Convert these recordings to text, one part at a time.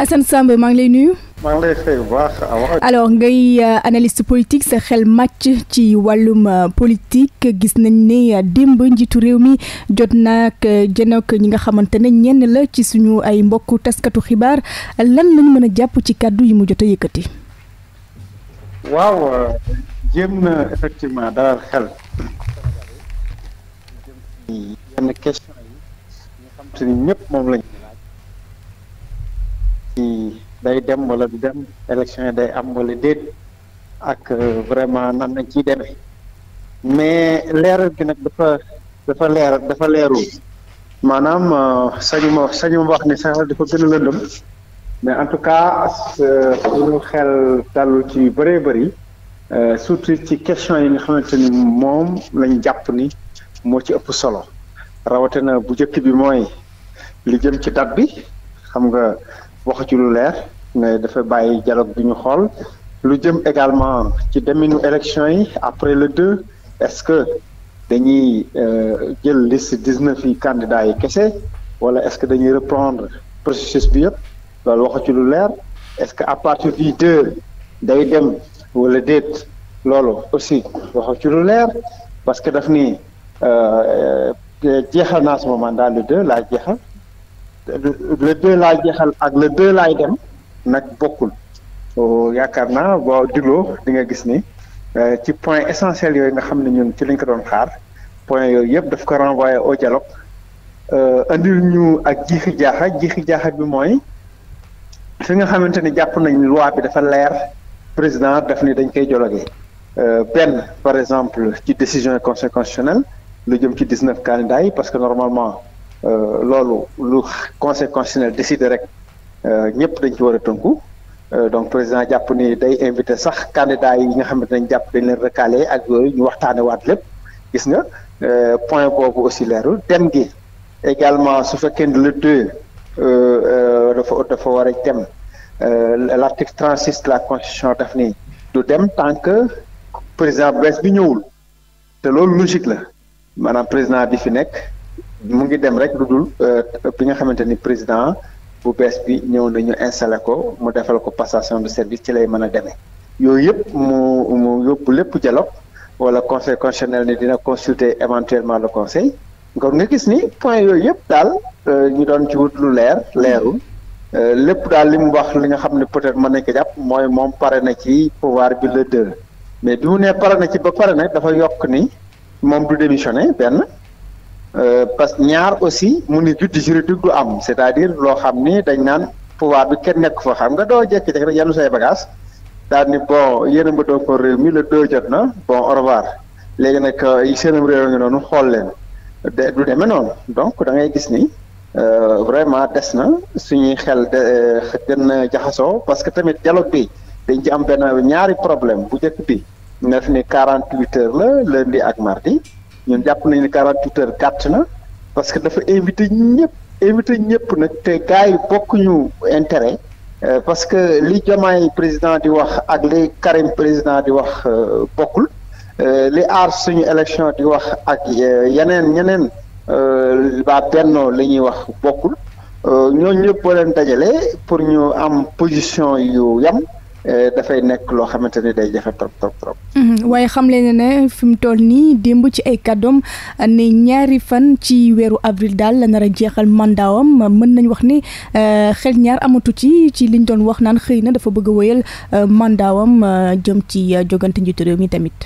Assane Samb maa ngi lay nuyu. maa ngay euh, analyste politique sa xel màcc ci wàllum euh, politique gis nañ ni euh, démb njiitu réew mi jot naag jënoog ñi nga xamante ne ñenn la ci suñu ay mbokku taskatu xibaar lan lañ mën a jàpp ci kàddu yi mu jot a yëkkati. waaw jéem effectivement dalal xel. ci day dem wala du dem élection yi day am wala déet ak euh, vraiment nan lañ ciy demee mais leeral gi nag dafa dafa leeral dafa leerul maanaam euh, sañu ma sañu ma wax ni sax dafa gën a lëndëm mais en tout cas euh, suñu xel dalul ci bëree bëri surtout ci question yi nga xamante ni moom lañ jàpp ni moo ci ëpp solo rawatina bu njëkk bi mooy li ci date bi xam nga wax ci lu leer ne dafa bàyyi dialogue bi ñu xool lu jëm également ci deminu élection yi après le 2 est-ce que dañuy euh, jël liste 19 yi candidats yi kese wala est-ce que dañuy reprendre processus bi yëpp loolu waxu ci lu leer est-ce que à partir du 2 day dem wala déet loolu aussi waxu ci lu leer parce que daf ni euh, euh, jeexal naa sama mandat le 2 laa jeexal. le deux laay jeexal ak le deux laay dem nag bokkul yaakaar naa boo digloo di nga gis ni euh, ci point essentiel yooyu nga xam ne ñun ci lañ ko doon xaar point yooyu yëpp daf ko renvoyé au dialogue euh, andil ñu ak jiixi jaaxa jiixi jaaxa bi mooy fi nga xamante ni jàpp nañ loi bi dafa leer président daf ni dañ koy dialogué euh, benn par exemple ci décision conseil constitutionnel lu jëm ci dix neuf candidats yi parce que normalement Euh, loolu lu conseil constitutionnel décidé rek euh, ñëpp dañ ci war a tënku euh, donc président jàpp ni day invité sax candidat yi nga xamante nañ jàpp dañ leen recalé ak yooyu ñu waxtaane waat lépp gis nga point boobu aussi leerul dem gi également su fekkee ne le deux dafa dafa war a dem l' la constitution daf ni du dem tant que président bu bi ñëwul te loolu logique la maanaam président bi fi nekk mu ngi dem rek lu dul euh, bi nga xamante ni président bu bees bi ñëw nañu installé ko mu defal ko passation de service ci lay mën a demee yooyu yëpp mu mu yóbbu lépp dialogue wala conseil constitutionnel ni dina consulter éventuellement le conseil kon nga gis ni point yooyu yëpp daal euh, ñu doon ci wut lu leer leerul euh, lépp daal li mu wax li nga xam ne peut-être mën nañ jàpp mooy moom pare na ci pouvoir bi le deux mais bi mu nee pare na ci ba pare na dafa yokk ni moom du démissionné benn Euh, parce que ñaar aussi mu ni judd juridique du am c'est-à-dire loo xam ni dañ naan pouvoir bi kenn nekk foo xam nga doo jékki-jékki rek yanu say bagage daal ni bon yéen a mbëtoo ko réew jot na bon au léegi nag euh, seenam réew ngi noonu xool leen de du donc da ngay gis ni euh, vraiment des na suñuy xel gën na jaxasoo parce que tamit dialogue bi dañ ci am benn ñaari problème bu njëkk bi na fi ni quarante huit la la lundi ak mardi ñun jàpp nañu ne 48 heures gàtt na parce que dafa invité ñëpp invité ñëpp nag te gars bokkuñu intérêt. Euh, parce que li Diomaye président di wax ak li Karim président di wax euh, bokkul euh, li aar suñu élection di wax ak yeneen ñeneen waa Benno la ñuy wax bokkul ñooñu ñëpp boo leen dajale pour ñu am position yu yam. Euh, dafay nekk loo xamante ni day jafe trop trop trop. Mhm. waaye xam leen ne fi mu toll nii démb ci ay kàddoom ne ñaari fan ci weeru avril daal la nar a jeexal mandaawam mën nañ wax ni euh, xel ñaar amatu ci ci liñ doon wax naan xëy na dafa bëgg a wéyal euh, mandaawam jëm ci jogante njiitu réew mi tamit.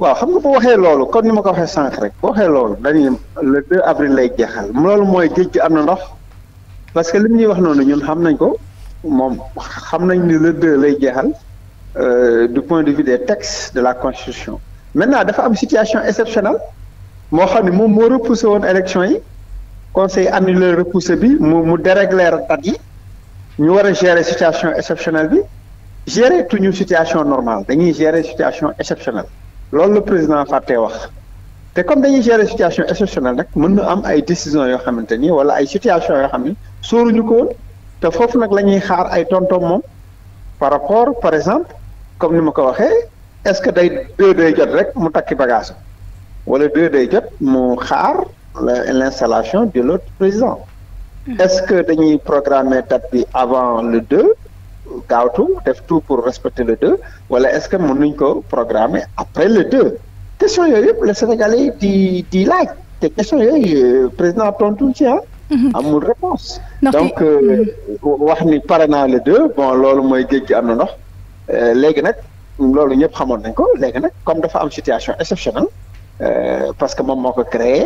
waaw xam nga bu waxee loolu kon ni ma ko waxee sànq rek bu waxee loolu dañuy le 2 avril lay jeexal loolu mooy géej am na ndox parce que li ñuy wax noonu ñun xam nañ ko. moom xam nañ ni le deux lay jeexal euh, du point de vue des textes de la constitution maintenant dafa am situation exceptionnelle moo xam ne moom moo repoussé woon élection yi conseil annulé repoussé bi mu mu déréglé date yi ñu war a gérer situation exceptionnelle bi gérer ñu situation normale dañuy gérer situation exceptionnelle loolu la président fàtte wax te comme dañuy gérer situation exceptionnelle rek mën na am ay décision yoo xamante ni wala ay situation yoo xam ni te foofu nag la ñuy xaar ay tontom moom par rapport par exemple comme ni ma ko waxee est-ce que day deux day jot rek mu takki bagage wala deux day jot mu xaar l'installation de l'autre président hmm. est-ce que dañuy programmer date bi avant le deux gaawtu def tout pour respecter le deux wala est-ce que mën nañ ko programmer après le deux question yooyu yëpp le Sénégalais di di laaj te question yooyu euh, président tontu ci ah amul réponse donc euh, wax ni pare naa le deux bon loolu mooy géej gi am na ndox euh, léegi nag loolu ñëpp xamoon nañ ko léegi nag comme dafa am situation exceptionnelle Euh, parce que moom moo ko créé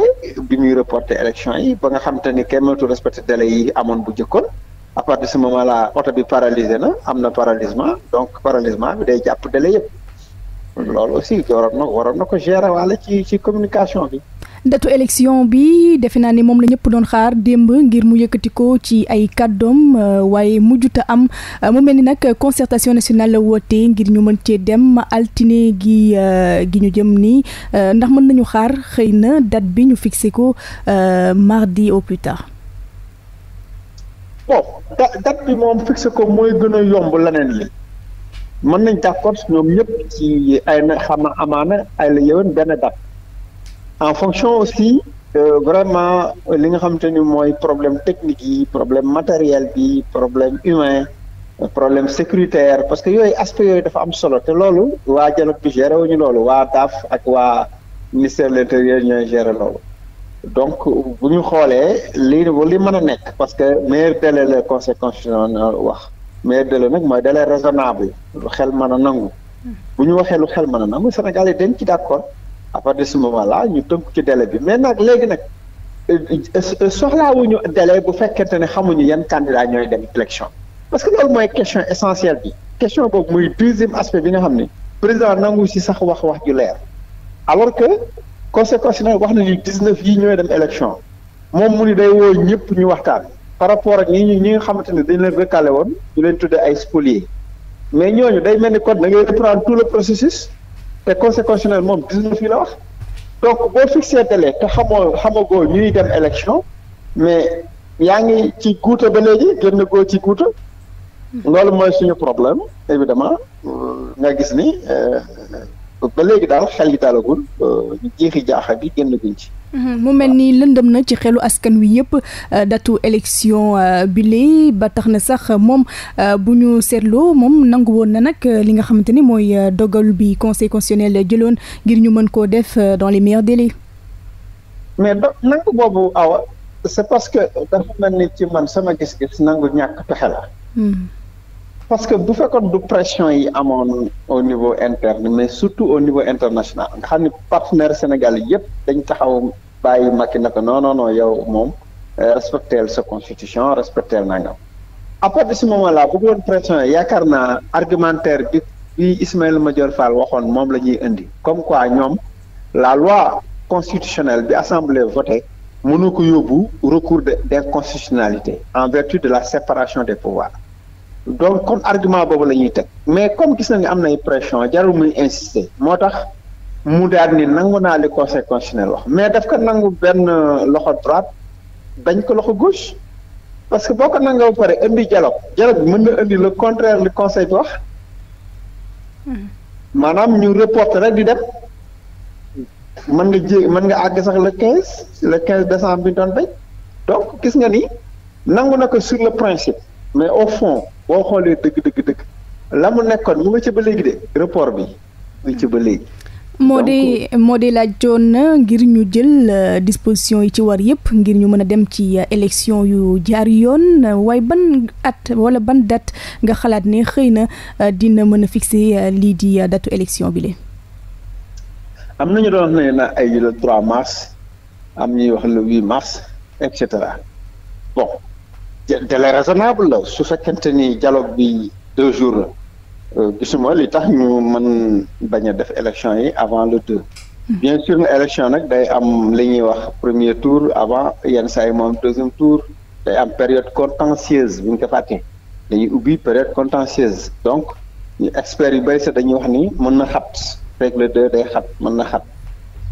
bi muy reporter élection yi ba nga xam te ni kenn mënatu respecté délai amoon bu jëkkoon à partir de ce moment là oto bi paralysé na am na paralysement donc paralysement bi day jàpp délai yëpp loolu aussi waroon na waroon na ko gérer waale ci ci communication bi. datu élection bi defe naa ni moom la ñëpp doon xaar démb ngir mu yëkkati ko ci ay kàddoom euh, waaye mujjuta am euh, mu mel ni nag concertation nationale la woote ngir ñu mën cee dem altine gi euh, gi ñu jëm nii ndax mën nañu xaar xëy na date bi ñu fixé ko mardi au plus tard. bon date bi moom fixé ko mooy gën yomb leneen li mën nañ d'accord ñoom ñëpp ci ay na xam amaana ay la yëwen en fonction aussi euh, vraiment li nga xamante ni mooy problème technique yi problème matériel bi problème humain problème sécuritaire parce que yooyu aspect yooyu dafa am solo te loolu waa dialogue bi géré wuñu loolu waa DAF ak waa ministère de l'intérieur ñooy géré loolu donc bu ñu xoolee lii li mën a nekk parce que maire délai la conseil constitutionnel wax meilleur délai nag mooy délai raisonnable lu xel mën a nangu hmm. bu ñu waxee lu xel mën a nangu Sénégal yi den ci d'accord à partir de ce moment là ñu tënk ci délai bi mais nag léegi nag euh, soxlaawuñu délai bu fekkente ne xamuñu yan candidat ñooy dem élection parce que loolu mooy question essentielle bi question boobu muy deuxième aspect bi nga xam ni président nangu si sax wax wax ju leer alors que conséquence na wax nañu dix-neuf yi ñooy dem élection moom mu ni day woo ñëpp ñu waxtaan par rapport ak ñi ñu ñi nga xamante ne dañ leen recalé woon ñu leen tuddee ay spoliés mais ñooñu day mel ni kon da ngay reprendre le processus te conseil constitutionnel moom dix-neuf yi la wax donc boo fixé délai te xamoo xamagoo ñuy dem élection mais yaa ngi ci guuta ba léegi génn goo ci guuta loolu mooy suñu problème évidemment euh, nga gis ni euh, ba léegi daal xel yi dalagul euh, ñu jeexi jaaxa bi génn guñ ci Mhm. mu mel ni lëndëm na ci xelu askan wi yëpp euh, datu élection euh, bi léegi ba tax na sax moom euh, bu ñu seetloo moom nangu woon na nag li nga xamante ni mooy dogal bi conseil constitutionnel jëloon ngir ñu mën koo def dans les meilleurs mais do nangu boobu awa c'est parce que dafa mel ni ci man sama gis-gis nangu ñàkk pexe la. Hmm. parce que bu fekkoon du pression yi amoon au niveau interne mais surtout au niveau international nga xam ni partenaires sénégalais yëpp dañ taxaw bàyyi Macky na ko non non non yow moom euh, respectel sa constitution respectel nangam à partir de ce moment là bu pression yaakaar naa argumentaire bi bi Ismaïla Madior Fall waxoon moom la ñuy indi comme quoi ñoom la loi constitutionnelle bi assemblée votée mënu ko yóbbu recours de d'inconstitutionnalité en vertu de la séparation des pouvoirs donc kon argument boobu la ñuy teg mais comme gis nañu am nay pression jarul muy insister moo tax. mu daal ni nangu naa li conseil constitutionnel wax mais daf ko nangu benn euh, loxo droite bañ ko loxo gauche parce que boo ko nangoo ba pare indi dialogue dialogue bi mën na indi le contraire li conseil bi wax hmm. maanaam ñu reporter rek di dem mën nga jé mën nga àgg sax la quinze le quinze décembre bi ñu doon donc gis nga ni nangu na ko sur le principe mais au fond boo xoolee dëgg dëgg dëgg la mu nekkoon mu nga ci ba léegi de report bi mu ngi ci ba léegi moo di moo di laajoon ngir ñu jël euh, disposition yi ci war yëpp ngir ñu mën a dem ci euh, élection yu jaar yoon waaye ban at wala ban date nga xalaat ne xëy na euh, dina mën a fixer lii di datu élection bi lee am nañu doon wax ne na ay le 3 mars am ñuy wax le 8 mars et cetera bon délai raisonnable la su fekkente ni dialogue bi deux jours gisuma euh, li tax ñu man bañ a def élection yi avant le deux hmm. bien sûr na élection nag day am li ñuy wax premier tour avant yenn saa yi moom deuxième tour day am période contentieuse bu ñu ko fàtte dañuy ubbi période contentieuse donc ñu experts yu bëri sax wax ni mën na xat rek le deux day xat mën na xat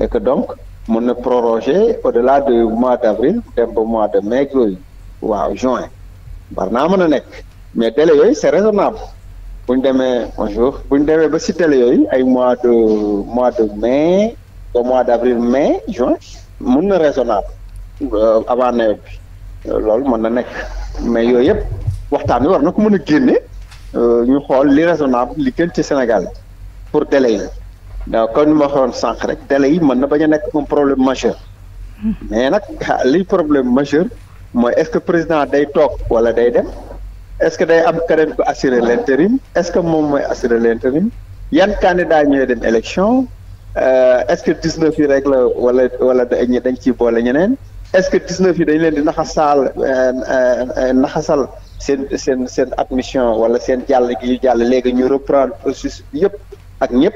et que donc mën na proroger au delà de mois d' avril dem ba mois de mai yooyu waaw juin war naa mën a nekk mais délai yooyu c' est raisonnable buñ demee un jour demee ba si télé yooyu ay mois de mois de mais ba mois d' avril mai juin mun na raisonnable euh, avant nawet bi euh, loolu mën na nekk mais yooyu yëpp waxtaan wi war na ko mën a génne euh, ñu xool li raisonnable li gën ci Sénégal pour délai yi donc comme ni ma waxoon sànq rek délai yi mën na bañ nekk un problème majeur hmm. mais nag ah, li problème majeur mooy est-ce que président day toog wala day dem. est-ce que day am keneen ku assurer l'intérim est-ce que moom mooy assurer l'intérim yan candidat ñooy dem élection euh, est-ce que 19 yi rek la wala wala dañ ciy boole ñeneen est-ce que 19 yi dañ leen di naxasaal euh, euh, naxasal seen seen seen admission wala seen jàll gi ñu jàll léegi ñu reprendre processus yëpp ak ñëpp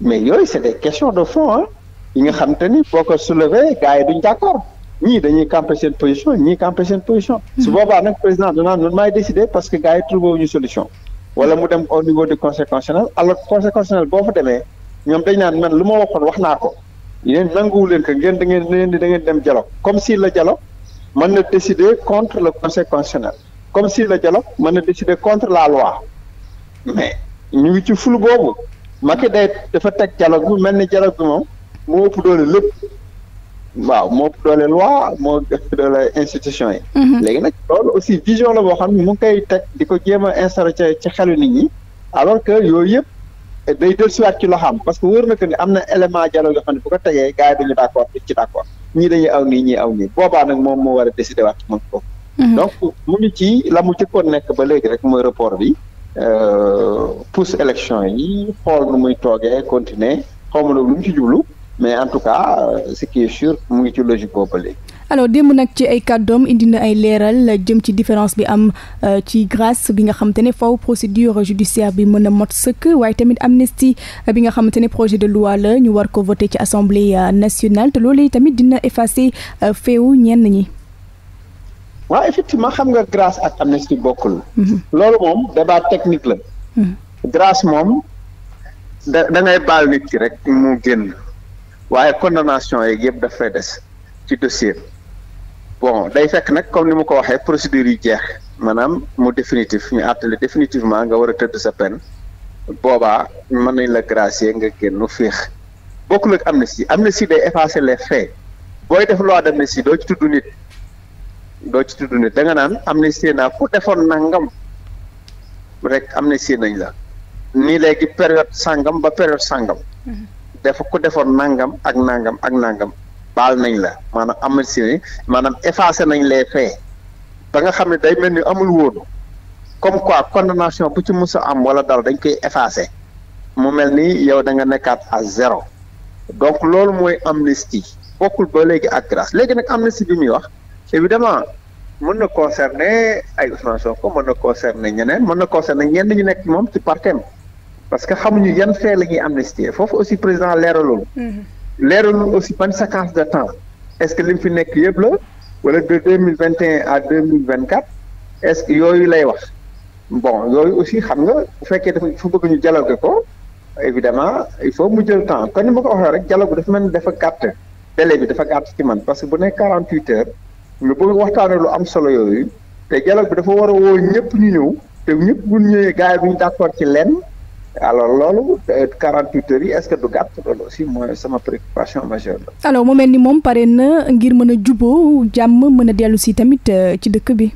mais yooyu c'est des questions de fond yi nga xam te ni boo ko soulever gars yi du d'accord ñii dañuy campé seen position ñii campé seen position. Hmm. su boobaa nag président danaa noonu maay décidé parce que gars yi trouvé wu ñu solution. wala mu dem au niveau du conseil constitutionnel alors conseil constitutionnel boo fa demee ñoom dañ naan man lu ma waxoon wax naa ko yéen nanguwu leen que ngeen da ngeen da ngeen dem dialogue comme si la dialogue man na décider contre la conseil constitutionnel comme si le dialogue man na décider contre la loi mais ñu ngi ci ful boobu Macky day dafa teg dialogue bi mel ni dialogue moom moo doole lépp. waaw moo doole loi moo doole institution yi. Mhm. léegi nag loolu aussi vision la boo xam ne mu ngi koy teg di ko jéem a instauré ci xelu nit ñi alors que yooyu yëpp. day dellusiwaat ci loxaam parce que wóor na que ni am na élément dialogue yoo xam ne bu ko tegee gars yi dañu d' accord ci d' dañuy aw nii ñii aw nii boobaa nag moom moo war a décider waat moom foofu. Mhm. donc mu ngi ci la mu jëkkoon nekk ba léegi rek mooy report bi euh, pousse élection yi xool nu muy toogee continuer xaw ma lu mu ci jublu mais en tout cas ce qui est sûr mu ngi ci logique boobu léegi. alors démb nag ci ay kàddoom indi na ay leeral jëm ci différence bi am euh, ci grâce bi nga xamante ne faw procédure judiciaire bi mën a mot sëkk waaye tamit amnistie bi nga xamante ne projet de loi la ñu war ko voté ci assemblée euh, nationale te loolu tamit dina effacer euh, féewu ñenn ñi. waaw effectivement xam nga grâce ak amnistie bokkul. Mhm. loolu moom débat technique la. Mhm. grâce moom da da waaye condamnation yeeg yëpp daf fay des ci dossier bon day fekk nag comme ni mu ko waxee procédure yi jeex maanaam mu définitif ñu àttale définitivement nga war a tëdd sa peine boobaa mën nañ la gracier nga génn féex bokkul ak amnistie amnistie day effacer les faits booy def loi d'amnistie doo ci tudd nit doo ci tudd nit da nga naan amnistie naa ku defoon nangam rek amnistie nañ la nii léegi période sàngam ba période sàngam. Mhm. dafa ku defoon nangam ak nangam ak nangam baal nañ la maanaam amnistie maanaam effacé nañ lee faits ba nga xam ne day mel ni amul woon comme quoi condamnation bu ci mus a am wala dara dañ koy effacé mu mel nii yow da nga nekkaat à zéro donc loolu mooy amnistie bokkul ba léegi ak grâce léegi nag amnistie bi muy wax évidemment mën na concerner ay Ousmane Sonko mën na concerner ñeneen mën na concerner ñenn ñu nekk moom ci partem parce que xamuñu yan fee la ñuy amnistier foofu aussi président leeralul. Mhm. leeralul aussi ban séquence de temps est-ce que mu fi nekk yëpp la wala de deux mille vingt et un à deux mille vingt quatre est-ce que yooyu lay wax bon yooyu aussi xam nga bu fekkee dafa fa bëgg ñu dialogue ko évidemment il faut mu jël temps kon ni ma ko waxee rek dialogue bi dafa mel ni dafa gàtt délai bi dafa gàtt ci man parce que bu nekk quarante huit heures nga bëgg waxtaanee lu am solo yooyu te dialogue bi dafa war a woo ñëpp ñu ñëw te ñëpp bu ñëwee gars yi bu ñu d'accord ci lenn. alors loolu 48 euh, heures yi est-ce que du gàtt loolu aussi mooy sama préoccupation majeure la. alors mu mel ni moom pare na ngir mën a juboo jàmm mën a dellu si tamit euh, ci dëkk bi.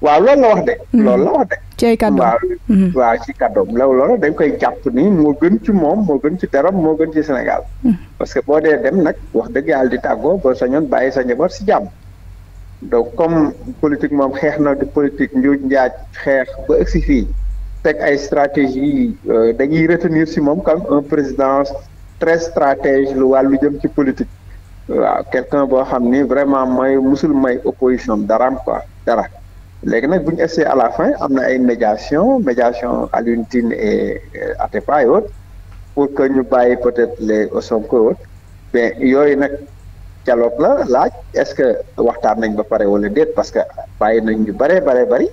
waaw loolu la wax de. Mhm. loolu la wax de. ci ay kàddoom mhm. loolu dañ koy jàpp ni moo gën ci moom moo gën ci teram moo gën ci Sénégal. Mhm. parce que boo dee dem nag wax dëgg yàlla di tàggoo ba sañoon bàyyi sa njaboot si jàmm. donc comme politique moom xeex na di politique njuuj njaaj xeex ba egsi fii. teg ay stratégie euh, dañuy retenir si moom comme un président très stratège lu wàllu jëm ci politique waaw quelqu'un boo xam ni vraiment may musul may opposition daraam quoi dara léegi nag buñ ñu essayé à la fin am na ay médiation médiation Alioune Tine et Atepa et pour que ñu bàyyi peut-être les Sonko et autres mais yooyu nag dialogue la laaj est-ce que waxtaan nañ ba pare wala déet parce que bàyyi nañ ñu baree baree bari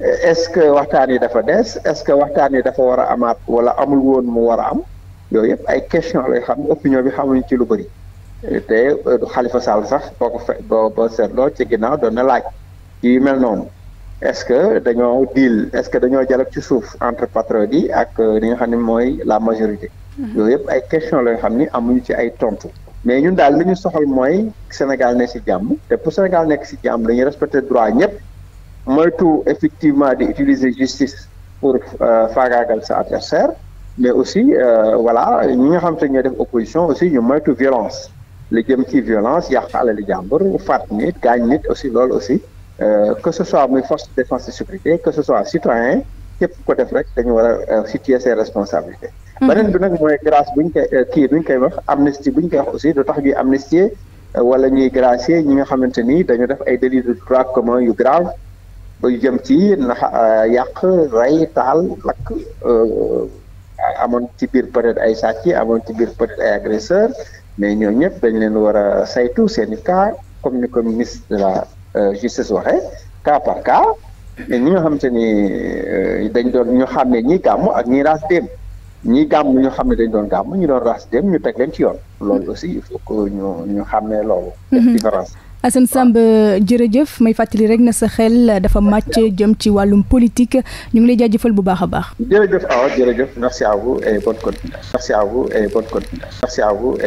est-ce que waxtaan yi dafa des est-ce que waxtaan yi dafa war a amaat wala amul woon mu war a am yooyu yëpp ay question lay xam opinion bi xamuñu ci lu bëri te euh, Khalifa Sall sax boo ko ci ginnaaw doon laaj ci mel noonu est-ce que dañoo deal est-ce que dañoo dialogue ci suuf entre patriotes yi ak euh, li nga xam ne mooy la majorité mhm. yooyu yëpp ay question la xam ni amuñu ci ay tontu mais ñun daal li ñu soxal mooy Sénégal ne ci jàmm te pour Sénégal nekk ci jàmm dañuy respecter droit ñëpp moytu effectivement di utiliser justice pour euh, faagaagal sa adversaire mais aussi wala euh, ñi nga xam te ñoo def opposition aussi ñu moytu violence li jëm ci violence yàq alali jàmbur faat nit gaañ nit aussi loolu aussi euh, que ce soit muy force de défense et sécurité que ce soit citoyen képp ko def rek dañu war a situer responsabilité responsabilités mm-hmm. beneen bi nag mooy grâce buñ koy kii buñ koy wax amnistie buñ koy wax aussi du tax ñuy amnistier wala ñuy gracier ñi nga xamante ni dañu def ay délits de droit commun yu ba jëm ci euh, yàq rey taal lakk euh, amoon ci biir peut-être ay sàcc amoon ci biir peut-être ay agresseur mais ñoo ñëpp dañ leen war a saytu seen i cas comme ni ko ministre de la euh, justice waxee cas par cas mais ñi xam te dañ doon ñu xam ne ñii gàmm ak ñi raas dem ñii gàmm ñu xam ne dañ doon gàmm ñu doon raas dem ñu teg leen ci yoon loolu aussi il faut que ñu ñu xàmmee loolu mm-hmm. def différence Assane Samb jërëjëf may fàttali rek na sa xel dafa màcc jëm ci wàllum politique ñu ngi lay jaajëfal bu baax a baax. jërëjëf Awa jërëjëf merci à vous et bonne merci à vous et bonne continuation merci à vous et